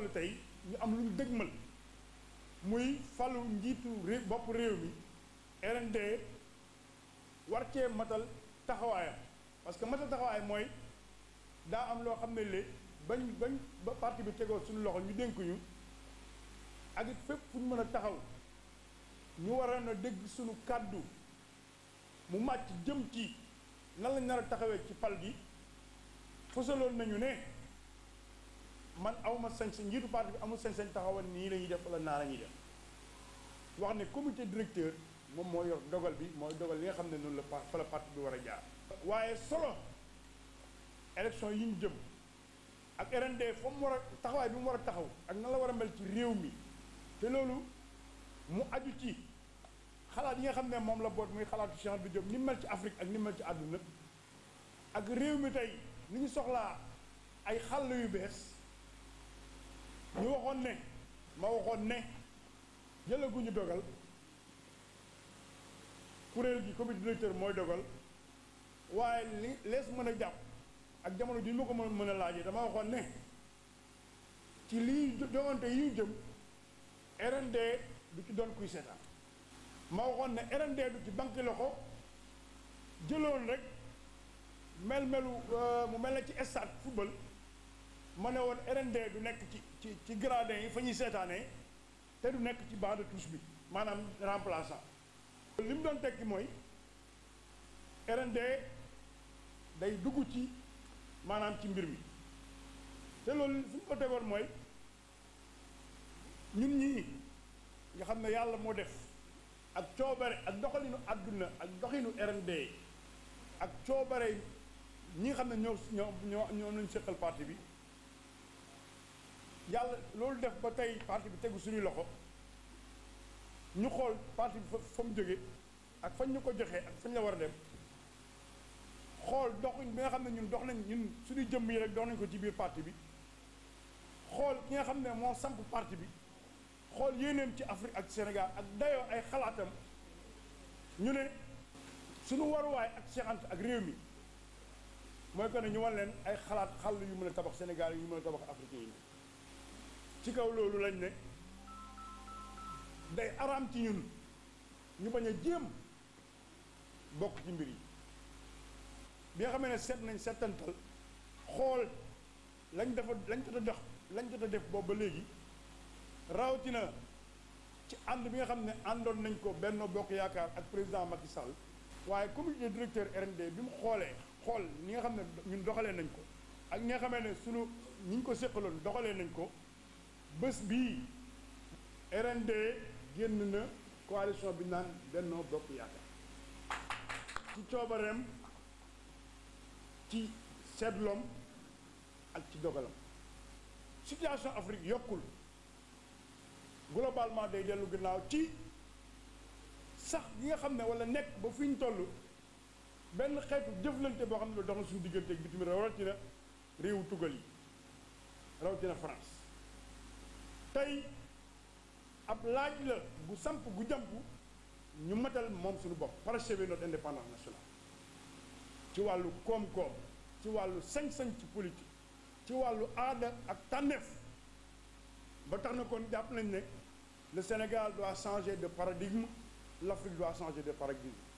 toll tey ñu am lu ñu dëgmal muy falu njiitu réew bopp réew mi RND war cee matal taxawaayam parce que matal taxawaay mooy daa am loo xam ne le bañ bañ ba parti bi tegoo suñu loxo ñu dénk ñu ak it fépp fu ñu mën a taxaw ñu waroon a dégg suñu kàddu mu màcc jëm ci nan lañ nar taxawee ci pal gi fësaloon nañu ne man awma sañ-sañ njiitu parti bi amul sañ-sañ taxawal nii la ñuy def wala naa la def wax ne comité directeur moom moo yor bi mooy dogal li nga xam ne noonu la fa la parti bi war a jaar waaye solo élection yi ñu jëm ak RND fa mu war a taxawaay bi mu war a taxaw ak na la war a mel ci réew mi te loolu mu aju ci xalaat yi nga xam ne moom la boot muy xalaatu Cheikh bi jëm ni mel ci Afrique ak ni mel ci àdduna ak réew mi tey ni ñu soxlaa ay xàll yu bees ñu waxoon ne ma waxoon ne jëlaguñu dogal kuréel gi comité directeur mooy dogal waaye li lees mën a jàpp ak jamono ji ma ko mën a laajee dama waxoon ne ci lii joŋante yi jëm RND du ci doon kuy seetaan ma waxoon ne RND du ci banque loxo jëloon rek mel melu euh, mu mel na ci stade football ma ne woon RND du nekk ci ci ci gradin yi fa ñuy seetaanee te du nekk ci banc de bi maanaam remplaçant li mu doon tekki mooy RND day dugg ci maanaam ci mbir mi te loolu fi ñu ko mooy ñun ñii nga xam ne yàlla moo def ak coobare ak doxalinu àdduna ak doxinu RND ak coobare ñi xam ne ñoo ñoo ñoo ñoo nañ seqal parti bi yàlla loolu def ba tey parti bi tegu suñu loxo ñu xool parti bi fa mu jóge ak fañ ñu ko joxee ak fañ la war a dem xool doxuñ bi nga xam ne ñun dox nañ ñun suñu jëmm yi rek dox nañ ko ci biir parti bi xool ki nga xam ne moo samp parti bi xool yéeneem ci Afrique ak Sénégal ak dayoo ay xalaatam ñu ne suñu waruwaay ak Cheikh Anta ak réew mi mooy que ñu wan leen ay xalaat xàll yu mën a tabax Sénégal yu mën a tabax Afrique yi ci kaw loolu lañ ne day araam ci ñun ñu bañ a jéem bokk ci mbir yi bi nga xam ne seet nañ seetantal xool lañ dafa lañ jot a dox lañ jot a def boobu ba léegi rawatina ci ànd bi nga xam ne àndoon nañ ko Benno Bokk Yaakaar ak président Macky Sall waaye comité directeur RND bi mu xoolee xool ñi nga xam ne ñun doxalee nañ ko ak ñi nga xamee ne sunu ñi ñu ko séqaloon doxalee nañ ko bés bii RND génn na coalition bi naan Benno Bokk Yaakaar ci coobareem ci seetloom ak ci dogalam situation Afrique yokkul globalement day dellu ginnaaw ci sax gi nga xam ne wala nekk ba fi ñu toll benn xeetu jëflante boo xam ne dox na suñu diggante ak bitim rawatina réewu tugal yi rawatina France tey ab laaj la bu samp gu jàmp ñu matal moom suñu bopp parachever notre indépendance nationale ci wàllu koom-koom ci wàllu sañ-sañ ci politique ci wàllu aada ak tànneef ba tax na kon jàpp nañ ne le Sénégal doit changer de paradigme l'Afrique doit changer de paradigme